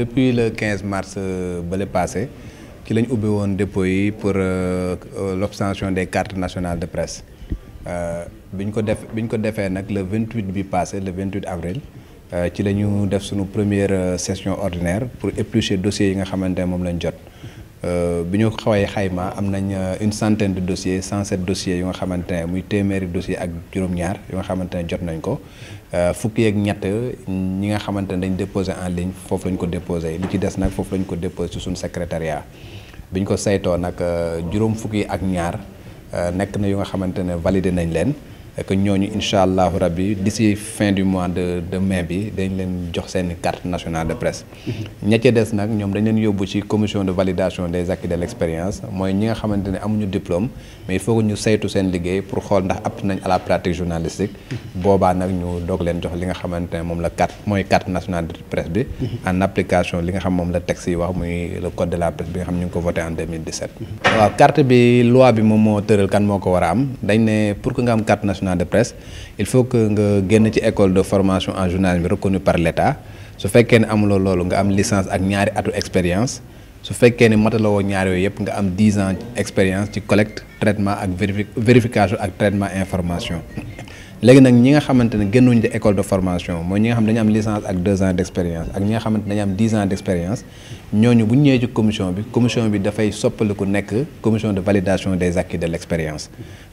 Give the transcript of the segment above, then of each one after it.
depuis le 15 mars euh, bale passé ci lañ ubbi woon dépôt yi pour euh, euh, l'obtention des cartes nationales de presse bi ñu ko def bi ko defee nag le 28 bi passé le 28 avril ci la ñu def suñu première session ordinaire pour éplucher dossiers yi nga xamante ne moom lañ jot Euh, bi ñu xawee xayma am nañ euh, une centaine de dossiers cent sept dossiers yu nga xamante ne muy téeméeri dossier ak juróom-ñaar yu nga xamante ne jot nañ ko euh, fukki yeeg ñett ñi nga xamante ne dañ déposé en ligne foofu lañ ko déposé lu ci des nag foofu lañ ko déposé ci suñu secrétariat bi ñu ko saytoo nag juróom fukki ak ñaar nekk na yu nga xamante ne validé nañ leen. et que ñooñu incha allahu rabbi d'ici fin du mois de de mai bi dañ leen jox seen carte nationale de presse. ña des nag ñoom dañ leen yóbbu ci commission de validation des acquis de l'expérience mooy ñi nga xamante ne amuñu diplôme mais il faut ñu saytu seen liggéey pour xool ndax apte nañ à la pratique journalistique. boobaa nag ñu doog leen jox li nga xamante moom la carte mooy carte nationale de presse bi. nga xam ñu ngi ko voté en waaw carte bi a am dañ correspondant de presse il faut que nga génn ci école de formation en journalisme reconnue par l'État su fekkee ne amuloo loolu nga am licence ak ñaari atu expérience su fekkee ne matalawoo ñaar yooyu yëpp nga am 10 ans expérience ci collecte traitement ak vérification ak traitement information léegi nag ñi nga xamante ne génnuñ de école de formation mooy ñi nga xam dañu am licence ak deux ans d' expérience ak ñi nga xamante dañu am dix ans d' expérience ñooñu bu ñu ñëwee ci commission bi commission bi dafay soppaliku nekk commission de validation des acquis de l'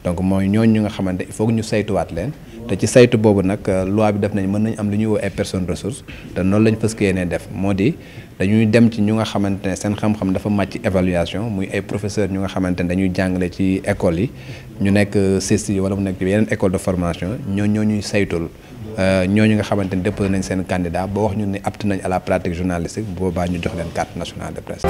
donc mooy ñooñu nga xamante il ñu saytuwaat leen te ci saytu boobu nag euh, loi bi def nañ mën nañ am lu ñuy woo ay personnes ressources te noonu lañ fas yéenee def moo di dañuy dem ci ñu nga xamante ne seen xam-xam dafa màcc évaluation muy ay professeurs ñu nga xamante ne dañuy jàngale ci école yi ñu nekk euh, CESTI yi wala mu nekk ci yeneen école de formation ñoo ñoo ñuy saytul euh, ñu nga xamante ne déposé nañ seen candidat boo wax ñu ni apte nañ à la pratique journalistique boobaa ñu jox leen carte nationale de presse